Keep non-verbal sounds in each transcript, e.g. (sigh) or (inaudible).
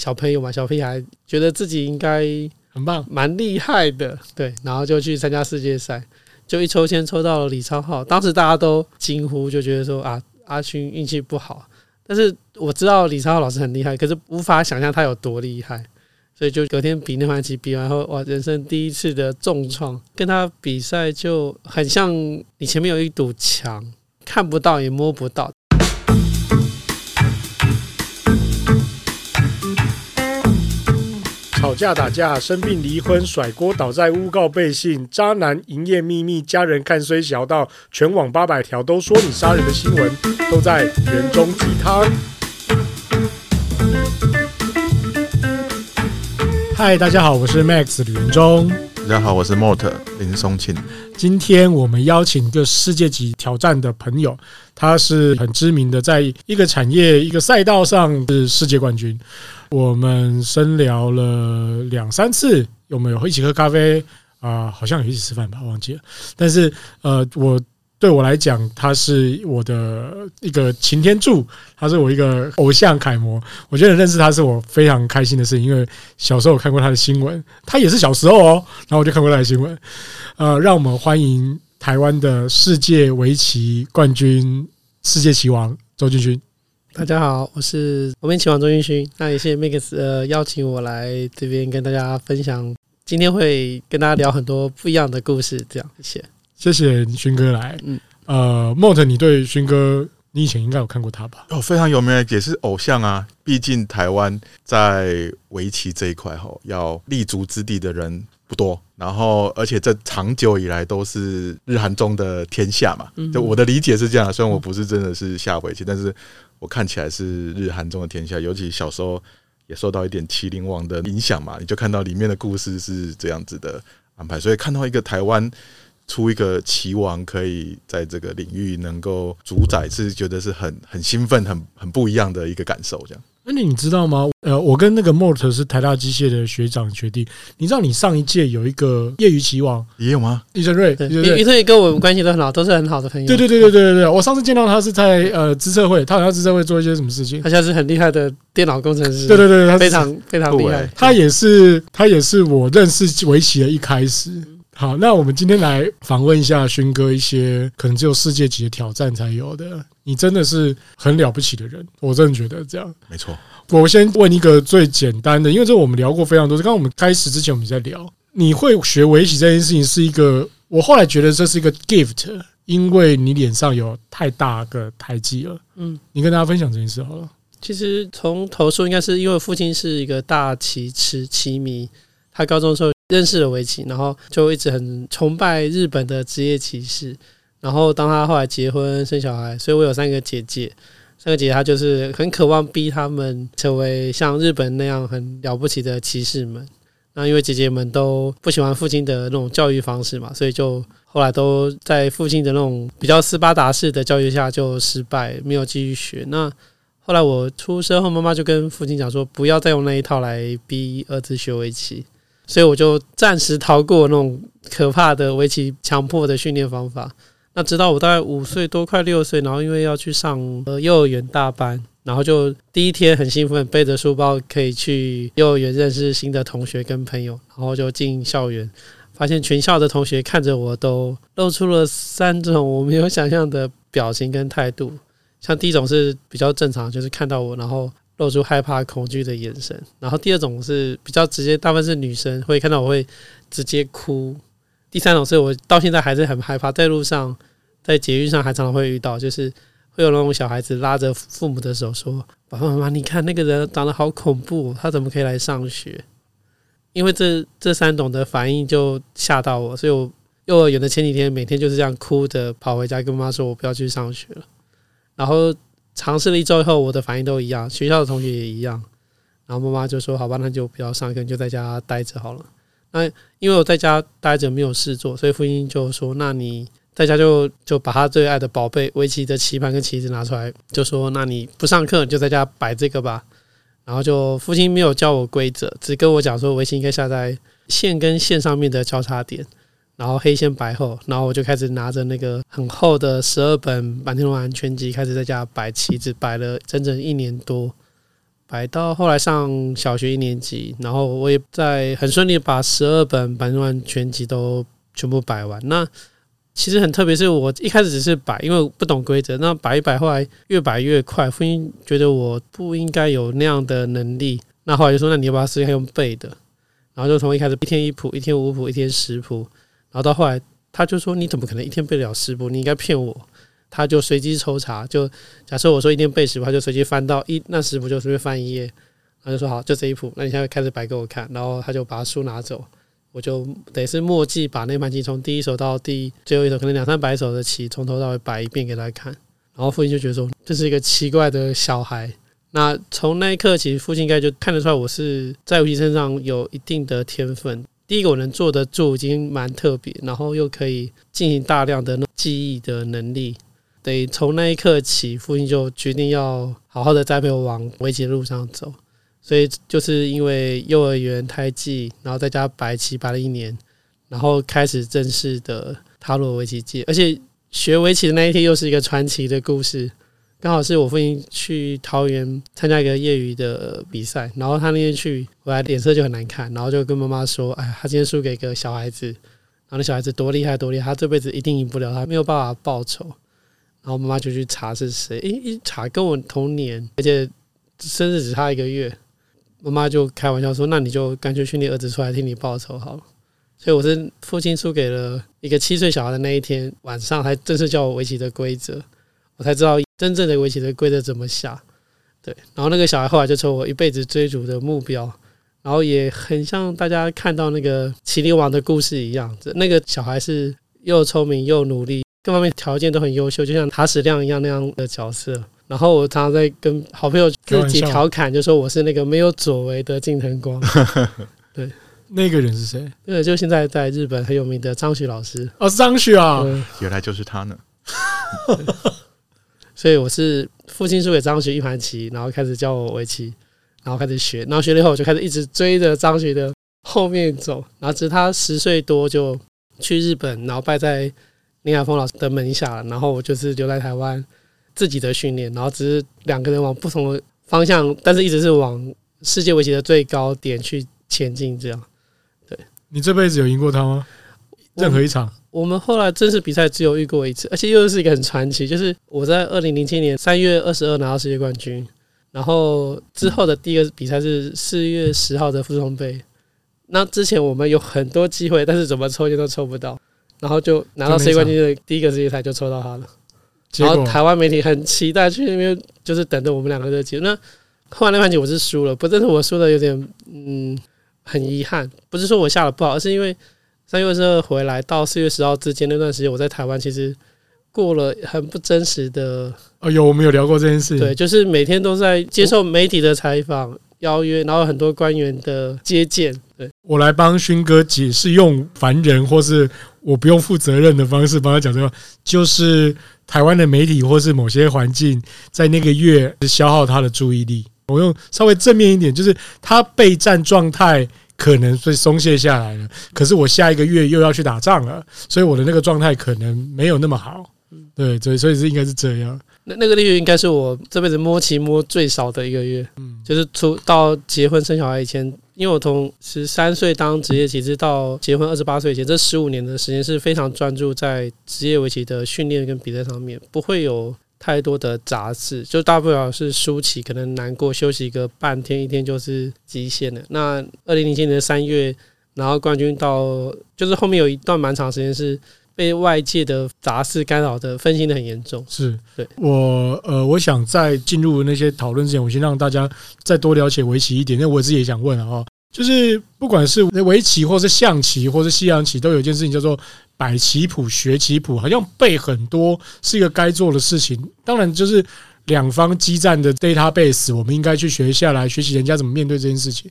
小朋友嘛，小屁孩覺得自己應該很棒，蠻厲害的。對，然後就去參加世界賽，就一抽籤抽到了李昌鎬，當時大家都驚呼，就覺得說啊，阿勳運氣不好。但是我知道李昌鎬老師很厲害，可是無法想象他有多厲害，所以就隔天比那盤棋，比完後哇，人生第一次的重創，跟他比賽就很像，你前面有一堵牆，看不到也摸不到。吵架、打架、生病、離婚、甩鍋、倒債、誣告、背信、渣男、營業祕密、家人看衰小到，全網八百條都說你殺人的新聞，都在元鐘雞湯。嗨，大家好，我是 Max，李元鐘。大家好，我是 m o Motor 林松慶。今天我們邀請一個世界級挑戰的朋友，他是很知名的，在一個產業、一個賽道上是世界冠軍。我們深聊了兩三次，有沒有一起喝咖啡啊，呃，好像有一起吃飯吧，忘記了。但是，呃，我對我來講，他是我的一個擎天柱，他是我一個偶像楷模。我覺得認識他是我非常開心的事情，因為小時候我看過他的新聞，他也是小時候哦。然後我就看過他的新聞。呃，讓我們歡迎台灣的世界圍棋冠軍、世界棋王周俊勳。大家好，我是我們棋王周俊勳。那也謝謝 Max 呃，邀請我來這邊跟大家分享，今天會跟大家聊很多不一樣的故事，這樣。謝謝，謝謝勳哥來。嗯，呃，莫特，你對勳哥，你以前應該有看過他吧？哦，非常有名，也是偶像啊。畢竟台灣在圍棋這一塊吼，要立足之地的人不多。然後，而且這長久以來都是日韓中的天下嘛。嗯、哼就我的理解是這樣，雖然我不是真的是下圍棋，但是。我看起來是日韓中的天下，尤其小時候也受到一點棋靈王的影響嘛，你就看到裡面的故事是這樣子的安排，所以看到一個台灣出一個棋王，可以在這個領域能夠主宰，是覺得是很很興奮、很很不一樣的一個感受，這樣。那你知道嗎？呃，我跟那個 Mort 是台大機械的學長學弟。你知道，你上一屆有一個業餘棋王，也有嗎？李晨瑞，李晨瑞跟我們關係都很好，都是很好的朋友。對對對對對對對。我上次見到他是在呃資策會，他好像資策會做一些什麼事情。他現在是很厲害的電腦工程師。對對對他非，非常非常厲害。對欸，他也是，他也是我認識圍棋的一開始。好，那我們今天來訪問一下勳哥一些可能只有世界級的挑戰才有的。你真的是很了不起的人，我真的覺得這樣。沒錯。我先問一個最簡單的，因為這我們聊過非常多。剛剛我們開始之前我們在聊，你會學圍棋這件事情是一個，我後來覺得這是一個 gift，因為你臉上有太大個胎記了。嗯，你跟大家分享這件事好了。其實從頭說應該是因為父親是一個大棋痴棋迷，他高中的時候。認識了圍棋，然後就一直很崇拜日本的職業棋士。然後當他後來結婚生小孩，所以我有三個姐姐。三個姐姐她就是很渴望逼他們成為像日本那樣很了不起的棋士們。那因為姐姐們都不喜歡父親的那種教育方式嘛，所以就後來都在父親的那種比較斯巴達式的教育下就失敗，沒有繼續學。那後來我出生後，媽媽就跟父親講說，不要再用那一套來逼兒子學圍棋。所以我就暫時逃過那種可怕的圍棋強迫的訓練方法。那直到我大概五歲多，快六歲，然後因為要去上幼兒園大班，然後就第一天很興奮，背着書包可以去幼兒園認識新的同學跟朋友，然後就進校園，發現全校的同學看着我都露出了三種我沒有想象的表情跟態度。像第一種是比較正常，就是看到我然後。露出害怕、恐懼的眼神。然後第二種是比較直接，大部分是女生會看到我會直接哭。第三種是我到現在還是很害怕，在路上、在捷運上還常常會遇到，就是會有那種小孩子拉着父母的手說：“爸爸媽媽，你看那個人長得好恐怖，他怎麼可以來上學？”因為這這三種的反應就嚇到我，所以我幼兒園的前幾天每天就是這樣哭著跑回家，跟媽說：“我不要去上學了。”然後。嘗試了一周以後，我的反應都一樣，學校的同學也一樣。然後媽媽就說：“好吧，那就不要上課，你就在家待着好了。”那因為我在家待着沒有事做，所以父親就說：“那你在家就就把他最愛的寶貝圍棋的棋盤跟棋子拿出來，就說：‘那你不上課，你就在家擺這個吧。’然後就父親沒有教我規則，只跟我講說圍棋應該下在線跟線上面的交叉點。”然後黑先白後，然後我就開始拿着那個很厚的十二本《坂田榮男全集》，開始在家擺棋子，擺了整整一年多，擺到後來上小學一年級，然後我也在很順利把十二本《坂田榮男全集》都全部擺完。那其實很特別，是我一開始只是擺，因為我不懂規則，那擺一擺，後來越擺越快。父親覺得我不應該有那樣的能力，那後來就說：“那你要不要試試用背的。”然後就從一開始一天一譜，一天五譜，一天十譜。然後到後來，他就說：“你怎麼可能一天背得了十譜？你應該騙我。”他就隨機抽查，就假設我說一天背十譜，他就隨機翻到一那十譜，就隨便翻一頁。他就說：“好，就這一譜。那你現在開始擺給我看。”然後他就把書拿走，我就等於是默記把那盤棋從第一手到第最後一手，可能兩三百手的棋從頭到尾擺一遍給他看。然後父親就覺得說，這是一個奇怪的小孩。那從那一刻起，父親應該就看得出來，我是在圍棋身上有一定的天分。第一個我能坐得住，已經蠻特別，然後又可以進行大量的記憶的能力。得從那一刻起，父親就決定要好好的栽培我往圍棋的路上走。所以就是因為幼兒園胎記，然後在家擺棋擺了一年，然後開始正式的踏入圍棋界。而且學圍棋的那一天，又是一個傳奇的故事。剛好是我父親去桃園參加一個業餘的比賽，然後他那天去，回來臉色就很難看，然後就跟媽媽說：“哎，他今天輸給一個小孩子，然後那小孩子多厲害多厲害，他這輩子一定贏不了，他沒有辦法報仇。”然後媽媽就去查是誰，一一查跟我同年，而且生日只差一個月，媽媽就開玩笑說：“那你就乾脆去你兒子出來替你報仇好了。”所以我是父親輸給了一個七歲小孩的那一天晚上，才正式教我圍棋的規則，我才知道。真正的圍棋的規則怎麼下？對，然後那個小孩後來就成為我一輩子追逐的目標，然後也很像大家看到那個《棋靈王》的故事一樣，那個小孩是又聰明又努力，各方面條件都很優秀，就像塔矢亮一樣那樣的角色。然後我常常在跟好朋友自己調侃，就說我是那個沒有佐為的進藤光。玩對，那個人是誰？對，就現在在日本很有名的張栩老師。哦，張栩啊，對 原來就是他呢。 (laughs) 所以我是父親輸給張栩一盤棋，然後開始教我圍棋，然後開始學，然後學了以後我就開始一直追着張栩的後面走。然後只是他十歲多就去日本，然後拜在林海峰老師的門下，然後我就是留在台灣自己的訓練。然後只是兩個人往不同的方向，但是一直是往世界圍棋的最高點去前進。這樣，對。你這輩子有贏過他嗎？我任何一場，我們後來正式比賽只有遇過一次，而且又是一個很傳奇。就是我在二零零七年三月二十二拿到世界冠軍，然後之後的第一個比賽是四月十號的富士通杯。那之前我們有很多機會，但是怎麼抽籤都抽不到，然後就拿到世界冠軍的第一個世界賽就抽到他了。果然後台灣媒體很期待去那邊，就是等着我們兩個的棋。那後來那盤棋我是輸了，不但是我輸的有點嗯很遺憾，不是說我下的不好，而是因為。三月十二回來到四月十號之間那段時間，我在台灣其實過了很不真實的、哎呦。哦，有我們有聊過這件事，對，就是每天都在接受媒體的採訪邀約，然後很多官員的接見。對，我來幫勳哥解釋，用凡人或是我不用負責任的方式幫他講，這話就是台灣的媒體或是某些環境，在那個月消耗他的注意力。我用稍微正面一點，就是他備戰狀態。可能會鬆懈下來了，可是我下一個月又要去打仗了，所以我的那個狀態可能沒有那麼好。對，所以所以是應該是這樣。那那個月應該是我這輩子摸棋摸最少的一個月，嗯、就是出到結婚生小孩以前，因為我從十三歲當職業棋士到結婚二十八歲以前，這十五年的時間是非常專注在職業圍棋的訓練跟比賽上面，不會有。太多的雜事，就大不了是輸棋，可能難過，休息個半天，一天就是極限了。那二零零七年的三月，然後冠軍到，就是後面有一段蠻長時間是被外界的雜事干擾的，分心得很嚴重。是對我呃，我想在進入那些討論之前，我先讓大家再多了解圍棋一點，因為我自己也想問啊，就是不管是圍棋，或是象棋，或是西洋棋，都有一件事情叫做。擺棋譜、學棋譜，好像背很多是一個該做的事情。當然，就是兩方激戰的 database，我們應該去學下來，學習人家怎麼面對這件事情。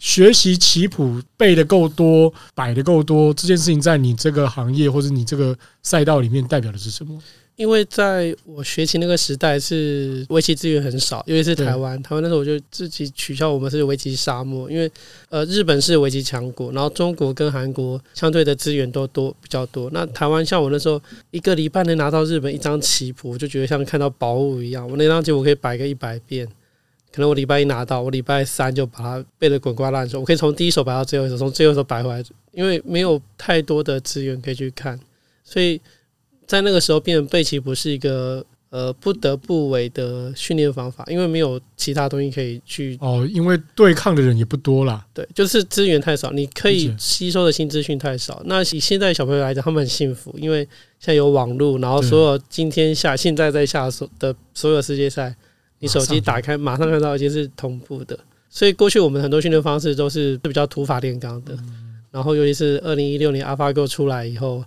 學習棋譜背得夠多，擺得夠多，這件事情在你這個行業或者你這個賽道裡面代表的是什麼？因為在我學棋那個時代，是圍棋資源很少，因為是台灣。嗯、台灣那時候我就自己取笑，我們是圍棋沙漠，因為呃日本是圍棋強國，然後中國跟韓國相對的資源都多比較多。那台灣像我那時候一個禮拜能拿到日本一張棋譜，我就覺得像看到寶物一樣。我那張棋我可以擺個一百遍，可能我禮拜一拿到，我禮拜三就把它背的滾瓜爛熟。我可以從第一手擺到最後一手，從最後一手擺回來，因為沒有太多的資源可以去看，所以。在那個時候，變成背棋不是一個呃不得不為的訓練方法，因為沒有其他東西可以去哦。因為對抗的人也不多啦，對，就是資源太少，你可以吸收的新資訊太少。不止。那以現在小朋友來講，他們很幸福，因為現在有網絡，然後所有今天下，對。現在在下的所有的所有世界賽，你手機打開馬上，馬上看到已經是同步的。所以過去我們很多訓練方式都是比較土法煉鋼的。嗯、然後尤其是二零一六年 AlphaGo 出來以後。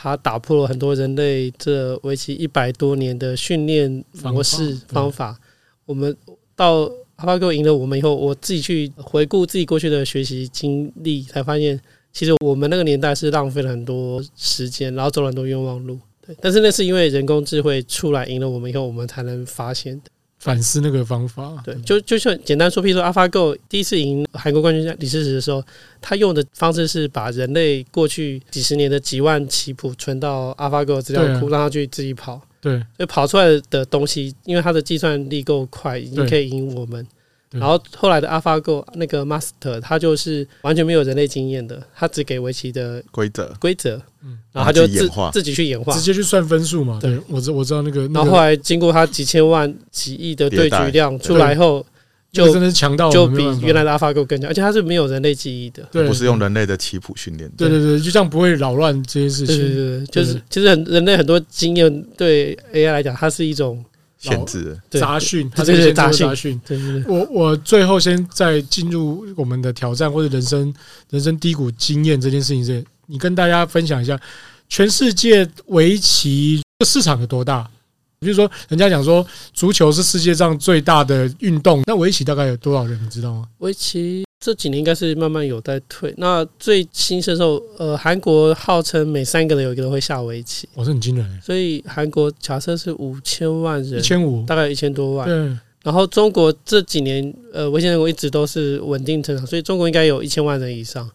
他打破了很多人類這為期一百多年的訓練模式方法、方法。我們到 AlphaGo 贏了我們以後，我自己去回顧自己過去的學習經歷，才發現其實我們那個年代是浪費了很多時間，然後走了很多冤枉路。對，但是那是因為人工智慧，出來贏了我們以後，我們才能發現的。反思那個方法，對，就就是簡單說，譬如說 AlphaGo 第一次贏韓國冠軍李世石的時候，他用的方式是把人類過去幾十年的幾萬棋譜存到 AlphaGo 資料庫，啊、讓他去自己跑，對，所以跑出來的東西，因為他的計算力夠快，已經可以贏我們。然後後來的 AlphaGo 那個 Master，它就是完全沒有人類經驗的，它只給圍棋的規則，規則，嗯，然後它就自自己去演化，直接去算分數嘛。對，我知我知道那個。然後後來經過它幾千萬、幾億的對局量出來後，就真的是強到，就比原來的 AlphaGo 更強，而且它是沒有人類記憶的，對，不是用人類的棋譜訓練，對對對，就這樣不會擾亂這些事情，對對對，就是其實很人類很多經驗對 AI 來講，它是一種。選自雜訊，他這些雜訊。我我最後先再進入我們的挑戰或者人生人生低谷經驗這件事情是，是你跟大家分享一下，全世界圍棋的市場有多大？比如說，人家講說足球是世界上最大的運動，那圍棋大概有多少人，你知道嗎？圍棋。這幾年應該是慢慢有在退。那最新鮮的時候，呃，韓國號稱每三個人有一個人會下圍棋，我是很驚人。所以韓國假設是五千萬人，一千五，大概一千多萬。對。然後中國這幾年，呃，圍棋人口一直都是穩定增長，所以中國應該有一千萬人以上。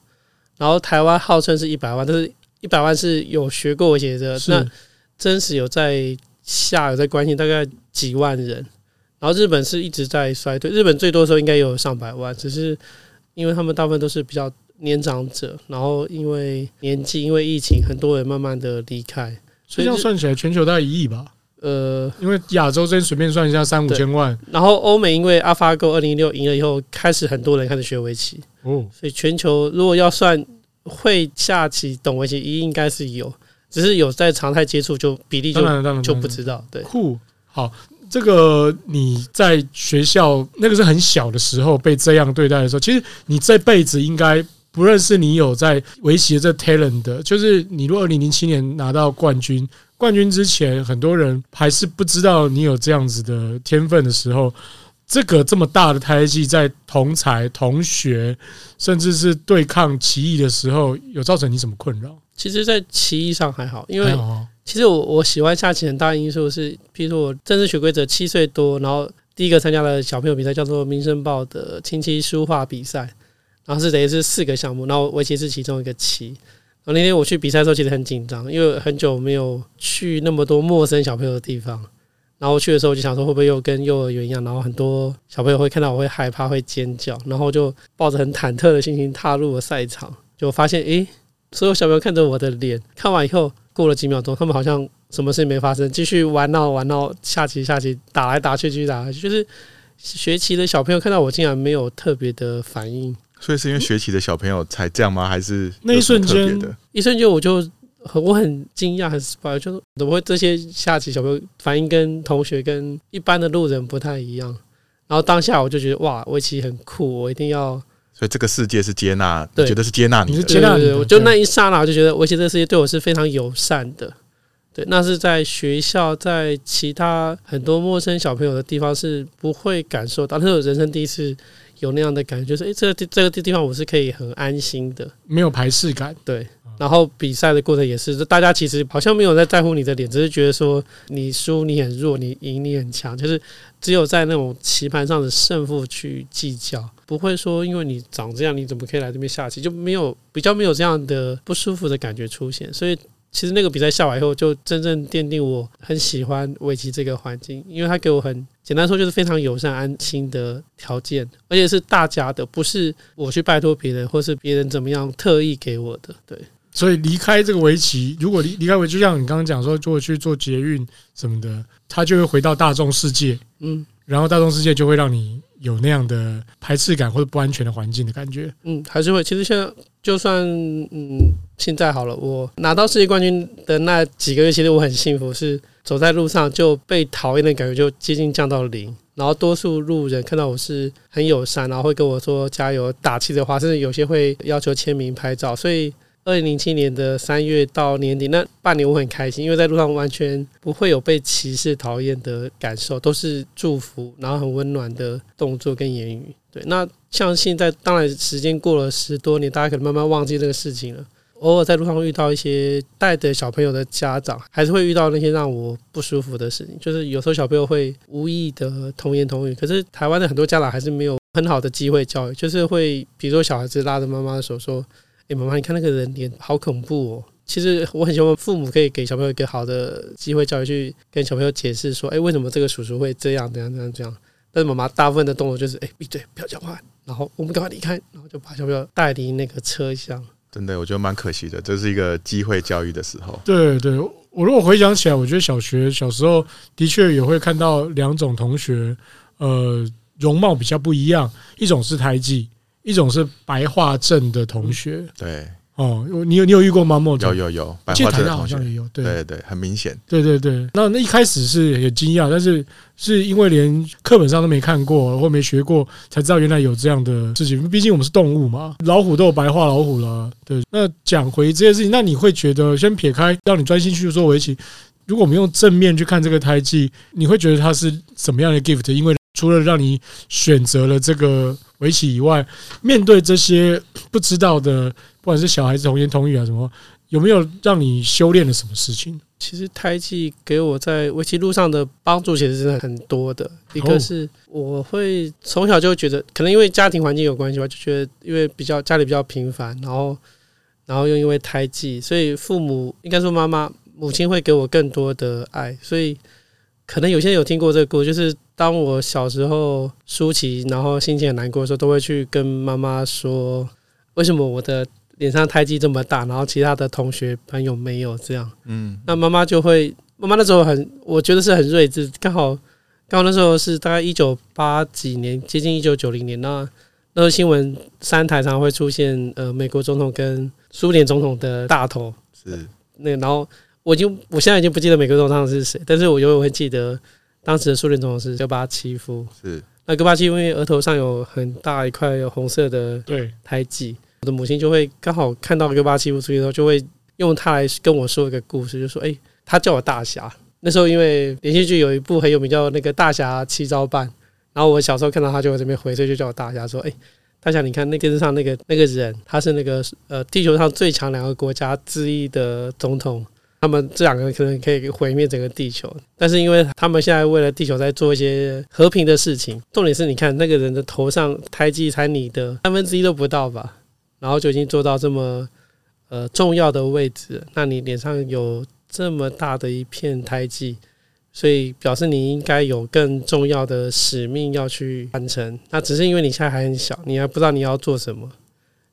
然後台灣號稱是一百萬，但是一百萬是有學過圍棋的，是那真實有在下、有在關心大概幾萬人。然後日本是一直在衰退，日本最多的時候應該有上百萬，只是。因為他們大部分都是比較年長者，然後因為年紀，因為疫情，很多人慢慢的離開，所以，就是、所以這樣算起來，全球大概一億吧。呃，因為亞洲這邊隨便算一下，三五千萬。然後歐美因為 AlphaGo 二零一六贏了以後，開始很多人開始學圍棋。哦，所以全球如果要算會下棋、懂圍棋，一億應該是有，只是有在常態接觸就比例就就不知道。對，酷，好。這個，你在學校那個是很小的時候被這樣對待的時候，其實你這輩子應該不認識你有在圍棋的這 talent 的。就是你如果二零零七年拿到冠軍，冠軍之前很多人還是不知道你有這樣子的天分的時候，這個這麼大的胎記在同儕、同學，甚至是對抗棋藝的時候，有造成你什麼困擾？其實，在棋藝上還好，因為。哦其實我我喜歡下棋很大因素是，譬如說我正式學規則七歲多，然後第一個參加了小朋友比賽叫做《民生報》的琴棋書畫比賽，然後是等於是四個項目，然後圍棋是其中一個棋。然後那天我去比賽的時候，其實很緊張，因為很久沒有去那麼多陌生小朋友的地方。然後去的時候，我就想說，會不會又跟幼兒園一樣，然後很多小朋友會看到我會害怕、會尖叫，然後就抱着很忐忑的心情踏入了賽場，就發現誒，所有小朋友看着我的臉，看完以後。過了幾秒鐘，他們好像什麼事沒發生，繼續玩鬧玩鬧，下棋下棋，打來打去，繼續打來。就是學棋的小朋友看到我，竟然沒有特別的反應。所以是因為學棋的小朋友才這樣嗎？嗯、還是特別的那一瞬間的一瞬間，我就我很驚訝，很 surprise，就怎麼會這些下棋小朋友反應跟同學跟一般的路人不太一樣？然後當下我就覺得哇，圍棋很酷，我一定要。所以這個世界是接納，對。你覺得是接納你？你是接納你，我就那一剎那，我就覺得，我覺得，覺得這個世界對我是非常友善的。對，那是在學校，在其他很多陌生小朋友的地方，是不會感受到。那是我人生第一次有那樣的感覺，就是哎、欸，這個這個地地方我是可以很安心的，沒有排斥感。對。然後比賽的過程也是，大家其實好像沒有在在乎你的臉，只是覺得說你輸你很弱，你贏你很強，就是只有在那種棋盤上的勝負去計較，不會說因為你長這樣，你怎麼可以來這邊下棋，就沒有，比較沒有這樣的不舒服的感覺出現。所以其實那個比賽下來以後，就真正奠定我很喜歡圍棋這個環境，因為他給我很簡單說就是非常友善、安心的條件，而且是大家的，不是我去拜託別人或是別人怎麼樣特意給我的，對。所以離開這個圍棋，如果離離開圍棋，就像你剛剛講說，如果去做捷運什麼的，它就會回到大眾世界，嗯，然後大眾世界就會讓你有那樣的排斥感或者不安全的環境的感覺，嗯，還是會。其實現在就算，嗯，現在好了，我拿到世界冠軍的那幾個月，其實我很幸福，是走在路上就被討厭的感覺就接近降到零，然後多數路人看到我是很友善，然後會跟我說加油打氣的話，甚至有些會要求簽名拍照，所以。二零零七年的三月到年底那半年，我很開心，因為在路上完全不會有被歧視、討厭的感受，都是祝福，然後很溫暖的動作跟言語。對，那像現在當然時間過了十多年，大家可能慢慢忘記這個事情了。偶爾在路上遇到一些帶着小朋友的家長，還是會遇到那些讓我不舒服的事情。就是有時候小朋友會無意的童言童語，可是台灣的很多家長還是沒有很好的機會教育，就是會比如說小孩子拉着媽媽的手說。哎，媽媽、欸，你看那個人臉好恐怖哦、喔！其實我很希望父母可以給小朋友一個好的機會教育，去跟小朋友解釋說：哎、欸，為什麼這個叔叔會這樣？怎樣？怎樣？怎樣？但是媽媽大部分的動作就是：哎、欸，閉嘴，不要講話，然後我們趕快離開，然後就把小朋友帶離那個車廂。真的，我覺得蠻可惜的，這是一個機會教育的時候。對，對，對，對我如果回想起來，我覺得小學小時候的確也會看到兩種同學，呃，容貌比較不一樣，一種是胎記。一種是白化症的同學，對，哦，你有你有遇過嗎？有有有，白化症的同學好像也有，對對，對對，很明顯，對對對。那那一開始是也驚訝，但是是因為連課本上都沒看過，或沒學過，才知道原來有這樣的事情。畢竟我們是動物嘛，老虎都有白化老虎了，對。那講回這些事情，那你會覺得，先撇開讓你專心去做圍棋，如果我們用正面去看這個胎記，你會覺得它是什麼樣的 gift？因為除了讓你選擇了這個圍棋以外，面對這些不知道的，不管是小孩子童言童語啊什麼，有沒有讓你修煉了什麼事情？其實胎記給我在圍棋路上的幫助其實是很多的。一個是我會從小就覺得，可能因為家庭環境有關係吧，就覺得因為比較家裡比較平凡，然後然後又因為胎記，所以父母應該說媽媽母親會給我更多的愛。所以可能有些人有聽過這個歌，就是。當我小時候輸棋，然後心情很難過的時候，都會去跟媽媽說：“為什麼我的臉上胎記這麼大，然後其他的同學朋友沒有這樣？”嗯，那媽媽就會，媽媽那時候很，我覺得是很睿智。剛好，剛好那時候是大概一九八幾年，接近一九九零年。那那時候新聞三台上會出現，呃，美國總統跟蘇聯總統的大頭是那個。然後，我就我現在已經不記得美國總統是誰，但是我永遠會記得。當時的蘇聯總統是戈巴契夫，是那戈巴契因為額頭上有很大一塊有紅色的台對胎記，我的母親就會剛好看到戈巴契夫，出去的時候就會用他來跟我說一個故事，就說：“哎、欸，他叫我大俠。”那時候因為連續劇有一部很有名叫《那個大俠七招半》，然後我小時候看到他就在這邊回，所以就叫我大俠說：“哎、欸，大俠，你看那電視上那個那個人，他是那個呃地球上最強兩個國家之一的總統。”他們這兩個人可能可以毀滅整個地球，但是因為他們現在為了地球在做一些和平的事情。重點是你看那個人的頭上胎記才你的三分之一都不到吧，然後就已經做到這麼呃重要的位置。那你臉上有這麼大的一片胎記，所以表示你應該有更重要的使命要去完成。那只是因為你現在還很小，你還不知道你要做什麼，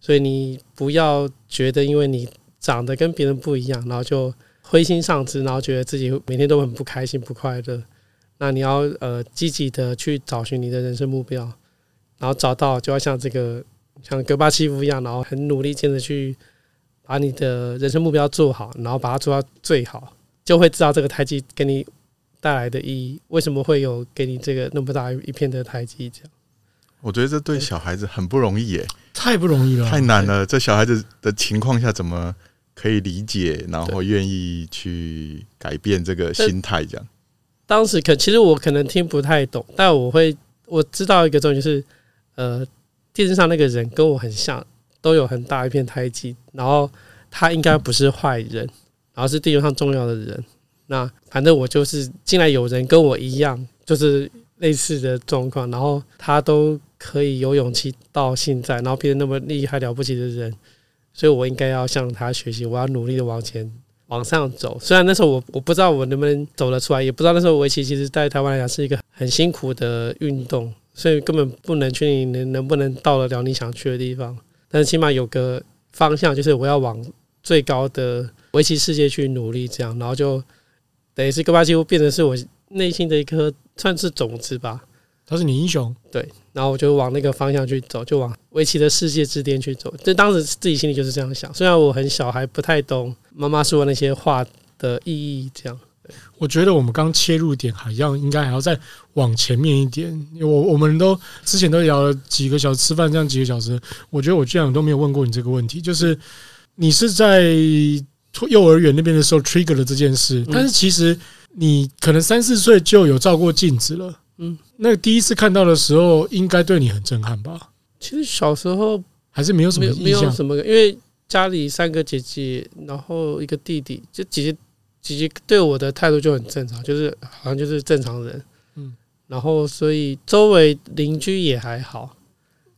所以你不要覺得因為你長得跟別人不一樣，然後就，灰心喪志，然後覺得自己每天都很不開心、不快樂。那你要呃積極的去找尋你的人生目標，然後找到就要像這個像戈巴契夫一樣，然後很努力、堅持去把你的人生目標做好，然後把它做到最好，就會知道這個胎記給你帶來的意義。為什麼會有給你這個那麼大一片的胎記？這樣，我覺得這對小孩子很不容易耶，對太不容易了，太難了。這小孩子的情況下，怎麼？可以理解，然後願意去改變這個心態，這樣。當時可其實我可能聽不太懂，但我會我知道一個重點，就是，呃，電視上那個人跟我很像，都有很大一片胎記，然後他應該不是壞人，嗯，然後是地球上重要的人。那反正我就是進來有人跟我一樣，就是類似的狀況，然後他都可以有勇氣到現在，然後變得那麼厲害了不起的人。所以，我應該要向他學習，我要努力的往前往上走。雖然那時候我我不知道我能不能走得出來，也不知道那時候圍棋其實，在台灣來講是一個很辛苦的運動，所以根本不能確定能能不能到得了你想去的地方。但是起碼有個方向，就是我要往最高的圍棋世界去努力。這樣，然後就等於是戈巴幾乎變成是我內心的一顆算是種子吧。他是你英雄，對。然後我就往那個方向去走，就往圍棋的世界之巔去走。就當時自己心裡就是這樣想，雖然我很小還不太懂媽媽說的那些話的意義。這樣，我覺得我們剛切入點還要應該還要再往前面一點。我我們都之前都聊了幾個小時吃飯，這樣幾個小時，我覺得我居然都沒有問過你這個問題，就是你是在幼兒園那邊的時候 trigger 了這件事，嗯，但是其實你可能三四歲就有照過鏡子了。嗯，那第一次看到的時候，應該對你很震撼吧？其實小時候還是沒有什麼沒,沒有印象，因為家裡三個姐姐，然後一個弟弟，就姐姐姐姐對我的態度就很正常，就是好像就是正常人。嗯，然後所以周圍鄰居也還好，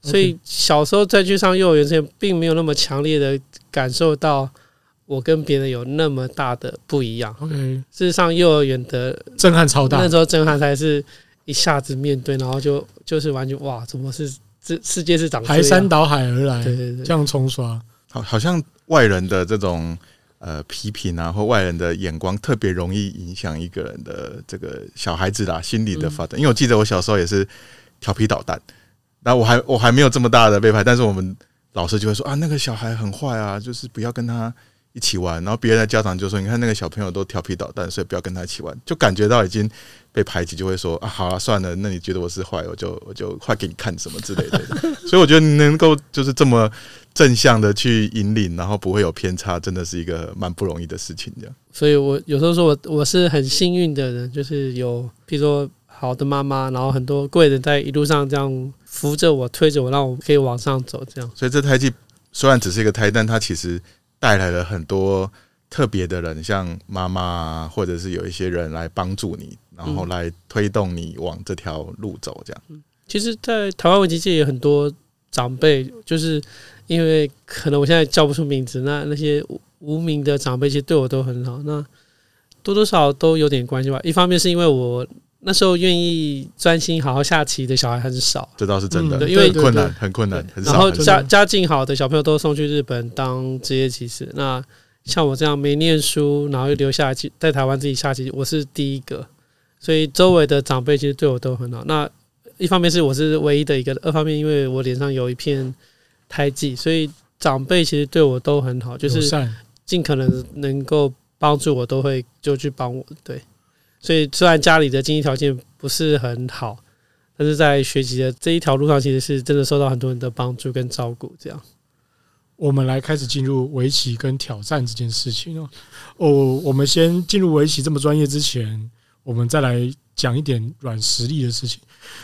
所以小時候再去上幼兒園之前，並沒有那麼強烈的感受到我跟別人有那麼大的不一樣。OK，是、嗯、上幼兒園的震撼超大，那時候震撼才是。一下子面對，然後就就是完全哇，怎麼是這世界是長，排山倒海而來？對對對，這樣沖刷，好，好像外人的這種呃批評啊，或外人的眼光，特別容易影響一個人的這個小孩子啦，心理的發展。嗯、因為我記得我小時候也是調皮搗蛋，然後我還我還沒有這麼大的背叛，但是我們老師就會說啊，那個小孩很壞啊，就是不要跟他。一起玩，然後別人的家長就說：“你看那個小朋友都調皮搗蛋，所以不要跟他一起玩。”就感覺到已經被排擠，就會說：“啊，好了，啊，算了。”那你覺得我是壞，我就我就壞給你看什麼之類的。 (laughs) 所以我覺得你能夠就是這麼正向的去引領，然後不會有偏差，真的是一個蠻不容易的事情。這樣，所以我有時候說我我是很幸運的人，就是有比如說好的媽媽，然後很多貴人在一路上這樣扶着我、推着我，讓我可以往上走。這樣，所以這胎記雖然只是一個胎，但它其實。帶來了很多特別的人，像媽媽，或者是有一些人來幫助你，然後來推動你往這條路走。這樣，嗯，其實，在台灣圍棋界有很多長輩，就是因為可能我現在叫不出名字，那那些無名的長輩其實對我都很好。那多多少少都有點關係吧。一方面是因為我。那時候願意專心好好下棋的小孩很少，啊，這倒是真的，嗯、因為很困難，很困難。對少然後家的家境好的小朋友都送去日本當職業棋士。那像我這樣沒念書，然後又留下來在台灣自己下棋，我是第一個。所以周圍的長輩其實對我都很好。那一方面是我是唯一的一個，二方面因為我臉上有一片胎記，所以長輩其實對我都很好，就是盡可能能夠幫助我，都會就去幫我。對。所以，雖然家裡的經濟條件不是很好，但是在學習的這一條路上，其實是真的受到很多人的幫助跟照顧。這樣，我們來開始進入圍棋跟挑戰這件事情哦。哦，我們先進入圍棋這麼專業之前，我們再來講一點軟實力的事情。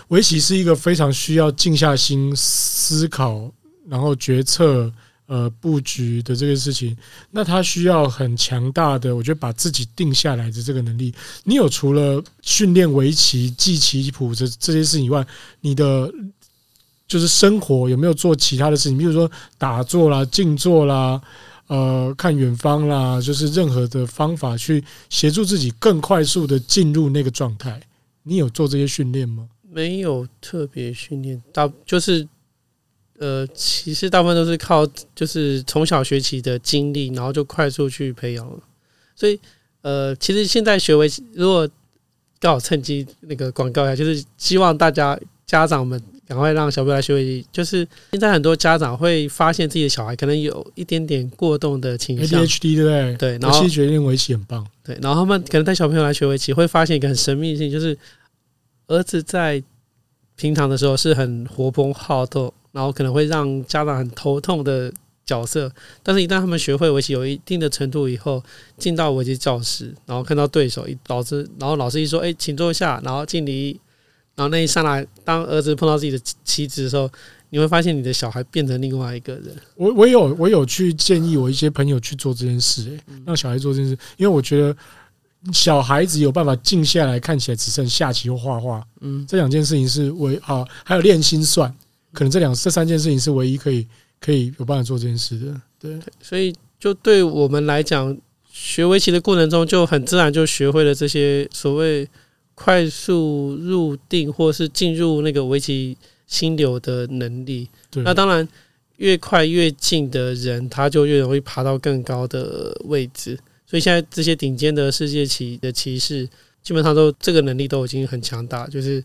圍棋是一個非常需要靜下心思考，然後決策。呃，佈局的這個事情，那他需要很強大的，我覺得把自己定下來的這個能力，你有除了訓練圍棋、記棋譜這這些事情以外，你的就是生活有沒有做其他的事情，比如說打坐啦、靜坐啦、呃，看遠方啦，就是任何的方法去協助自己更快速的進入那個狀態，你有做這些訓練嗎？沒有特別訓練到，就是。呃，其實大部分都是靠，就是從小學起的經歷，然後就快速去培養了。所以，呃，其實現在學圍棋，如果剛好趁機那個廣告一下，就是希望大家家長們趕快讓小朋友來學圍棋。就是現在很多家長會發現自己的小孩可能有一點點過動的傾向，ADHD 對不對？對。然後，其實覺得很棒。對。然後他們可能帶小朋友來學圍棋，會發現一個很神秘性，就是兒子在平常的時候是很活潑好動，然後可能會讓家長很頭痛的角色。但是，一旦他們學會圍棋有一定的程度以後，進到圍棋教室，然後看到對手、老師，然後老師一說：“哎、欸，請坐下。”然後敬禮，然後那一上來，當兒子碰到自己的棋子的時候，你會發現你的小孩變成另外一個人。我我有我有去建議我一些朋友去做這件事、欸，誒，讓小孩做這件事，因為我覺得。小孩子有辦法靜下來看起來，只剩下棋或畫畫。嗯，這兩件事情是唯啊，還有練心算，可能這兩這三件事情是唯一可以可以有辦法做這件事的。對，所以就對我們來講，學圍棋的過程中，就很自然就學會了這些所謂快速入定或是進入那個圍棋心流的能力。那當然，越快越近的人，他就越容易爬到更高的位置。所以現在這些頂尖的世界棋、的棋士，基本上都這個能力都已經很強大。就是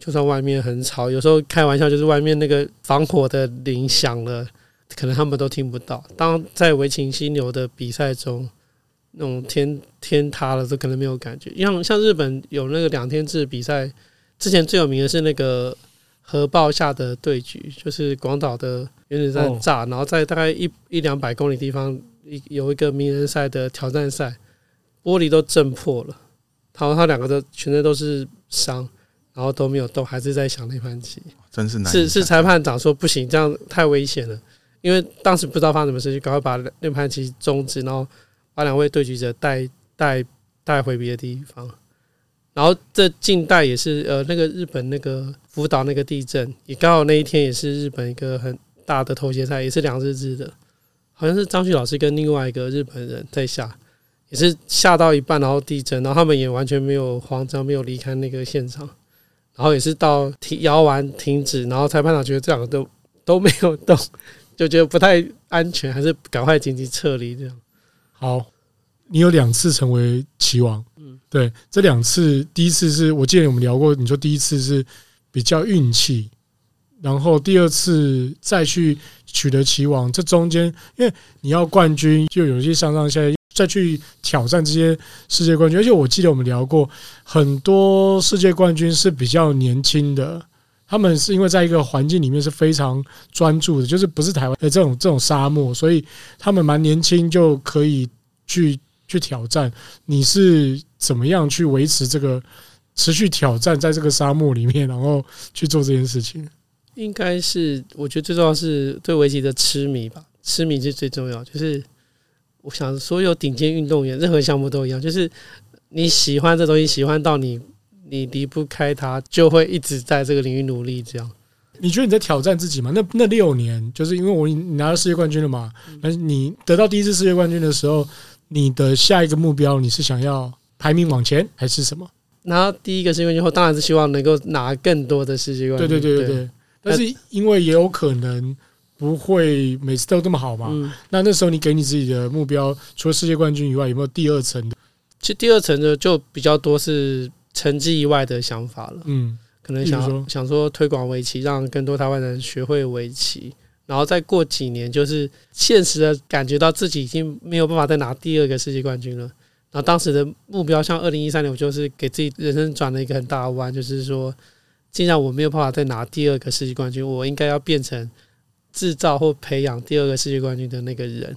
就算外面很吵，有時候開玩笑，就是外面那個防火的鈴響了，可能他們都聽不到。當在圍棋犀牛的比賽中，那種天天塌了都可能沒有感覺。因為像像日本有那個兩天制比賽，之前最有名的是那個核爆下的對局，就是廣島的原子彈炸，哦、然後在大概一一兩百公里地方。有一個名人賽的挑戰賽，玻璃都震破了。他說他兩個都全身都是傷，然後都沒有動，還是在想那盤棋。真是難。是是，裁判長說不行，這樣太危險了，因為當時不知道發生什麼事，就趕快把那盤棋終止，然後把兩位對局者帶帶帶回別的地方。然後這近代也是呃，那個日本那個福島那個地震也剛好那一天也是日本一個很大的頭銜賽，也是兩日制的。好像是張栩老師跟另外一個日本人在下，也是下到一半，然後地震，然後他們也完全沒有慌張，沒有離開那個現場，然後也是到停搖完停止，然後裁判長覺得這兩個都都沒有動，就覺得不太安全，還是趕快緊急撤離這樣。好，你有兩次成為棋王，嗯，對，這兩次第一次是我記得我們聊過，你說第一次是比較運氣。然後第二次再去取得棋王，這中間因為你要冠軍，就有一些上上下下再去挑戰這些世界冠軍。而且我記得我們聊過，很多世界冠軍是比較年輕的，他們是因為在一個環境裡面是非常專注的，就是不是台灣的這種這種沙漠，所以他們蠻年輕就可以去去挑戰。你是怎麼樣去維持這個持續挑戰，在這個沙漠裡面，然後去做這件事情？應該是我覺得最重要是對圍棋的痴迷吧，痴迷是最重要，就是我想所有頂尖運動員任何項目都一樣，就是你喜歡這東西，喜歡到你你離不開它，就會一直在這個領域努力。這樣，你覺得你在挑戰自己嗎？那那六年就是因為我已經拿到世界冠軍了嘛。那、嗯、你得到第一次世界冠軍的時候，你的下一個目標你是想要排名往前還是什麼？拿到第一個世界冠軍後，當然是希望能夠拿更多的世界冠軍。對對對對對。對但是，因為也有可能不會每次都這麼好嘛、嗯。那那時候你給你自己的目標，除了世界冠軍以外，有沒有第二層？其實第二層呢，就比較多是成績以外的想法了。嗯，可能想說想說推廣圍棋，讓更多台灣人學會圍棋，然後再過幾年，就是現實的感覺到自己已經沒有辦法再拿第二個世界冠軍了。然後當時的目標，像二零一三年，我就是給自己人生轉了一個很大的彎，就是說。既然我沒有辦法再拿第二個世界冠軍，我應該要變成製造或培養第二個世界冠軍的那個人，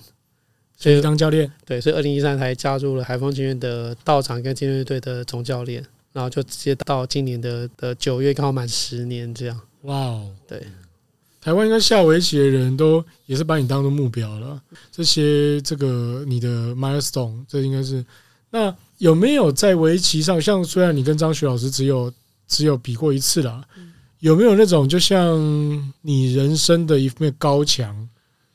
所以，所以當教練對，所以二零一三才加入了海峰棋院的道場跟棋院隊的總教練，然後就直接到今年的、的九月剛好滿十年這樣。哇哦，對，台灣應該下圍棋的人都也是把你當做目標了。這些這個你的 milestone，這應該是那有沒有在圍棋上，像雖然你跟張栩老師只有只有比過一次了，有沒有那種就像你人生的一面高牆，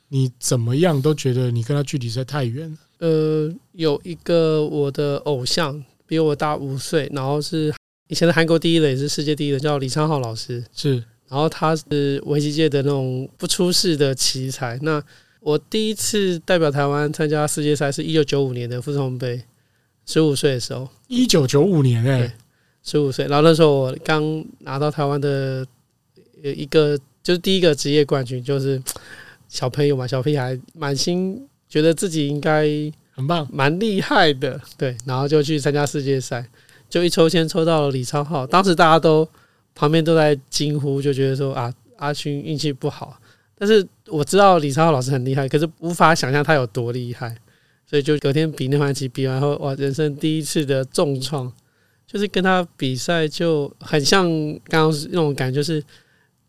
你怎麼樣都覺得你跟他距離實在太遠？呃，有一個我的偶像，比我大五歲，然後是以前的韓國第一人，也是世界第一人，叫李昌鎬老師。是，然後他是圍棋界的那種不出世的奇才。那我第一次代表台灣參加世界賽是一九九五年的富士通杯，十五歲的時候。一九九五年，欸，誒。十五歲，然後那時候我剛拿到台灣的一個，就是第一個職業冠軍，就是小朋友嘛，小屁孩，滿心覺得自己應該很棒，蠻厲害的，對。然後就去參加世界賽，就一抽籤抽到了李昌鎬，當時大家都旁邊都在驚呼，就覺得說啊，阿勳運氣不好。但是我知道李昌鎬老師很厲害，可是無法想象他有多厲害，所以就隔天比那盤棋，比完後哇，人生第一次的重創。就是跟他比賽就很像剛剛那種感覺，就是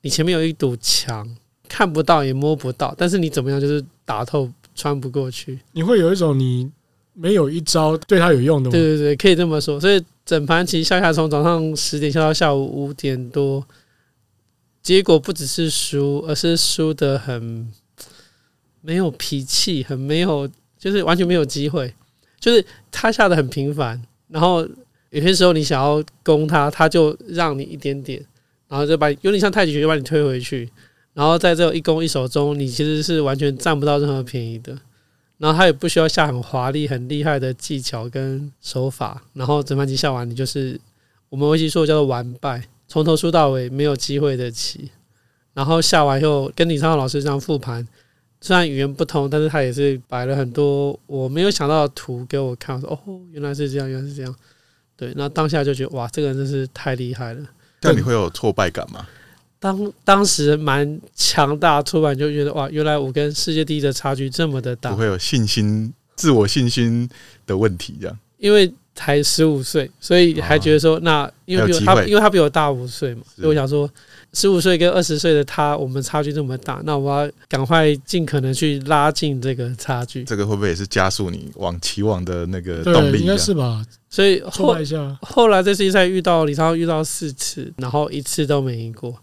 你前面有一堵牆，看不到也摸不到，但是你怎麼樣就是打透穿不過去。你會有一種你沒有一招對他有用的嗎？對對對，可以這麼說。所以整盤棋下下從早上十點下到下午五點多，結果不只是輸，而是輸得很沒有脾氣，很沒有，就是完全沒有機會。就是他下的很平凡，然後。有些時候你想要攻他，他就讓你一點點，然後就把你有點像太極拳，就把你推回去。然後在這一攻一守中，你其實是完全占不到任何便宜的。然後他也不需要下很華麗、很厲害的技巧跟手法。然後整盤棋下完，你就是我們圍棋說的叫做完敗，從頭輸到尾，沒有機會的棋。然後下完以後，跟李昌鎬老師這樣復盤，雖然語言不同，但是他也是擺了很多我沒有想到的圖給我看。我說哦，原來是這樣，原來是這樣。對，那當下就覺得哇，這個人真是太厲害了。那你會有挫敗感嗎？嗯、當當時蠻強大，突然就覺得哇，原來我跟世界第一的差距這麼的大，我會有信心、自我信心的問題，這樣。因為。才十五歲，所以還覺得說，啊、那因為比他有因為他比我大五歲嘛，是所以我想說，十五歲跟二十歲的他，我們差距這麼大，那我要趕快盡可能去拉近這個差距。這個會不會也是加速你往棋王的那個動力？應該是吧。所以後來一下，後來在世賽遇到李超，你常常遇到四次，然後一次都沒贏過。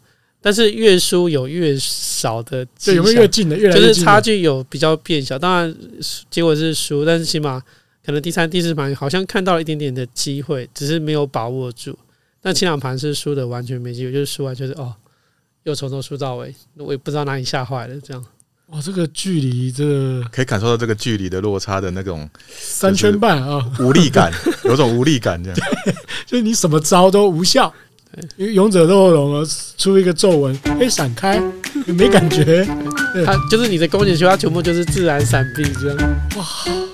但是越輸有越少的，對，有沒有越近的？越來越近就是差距有比較變小。當然結果是輸，但是起碼。可能第三、第四盤好像看到了一點點的機會，只是沒有把握住。但前兩盤是輸的完全沒機會，就是輸完就是哦，又從頭輸到尾。我也不知道哪裡嚇壞了，這樣。哇、哦，這個距離這可以感受到這個距離的落差的那種三圈半啊，無力感，哦、 (laughs) 有種無力感，這樣。就你什麼招都無效，對因為勇者鬥惡龍出一個咒文，可以，閃開，沒感覺。它就是你的弓箭，其他全部就是自然閃避，這樣。哇。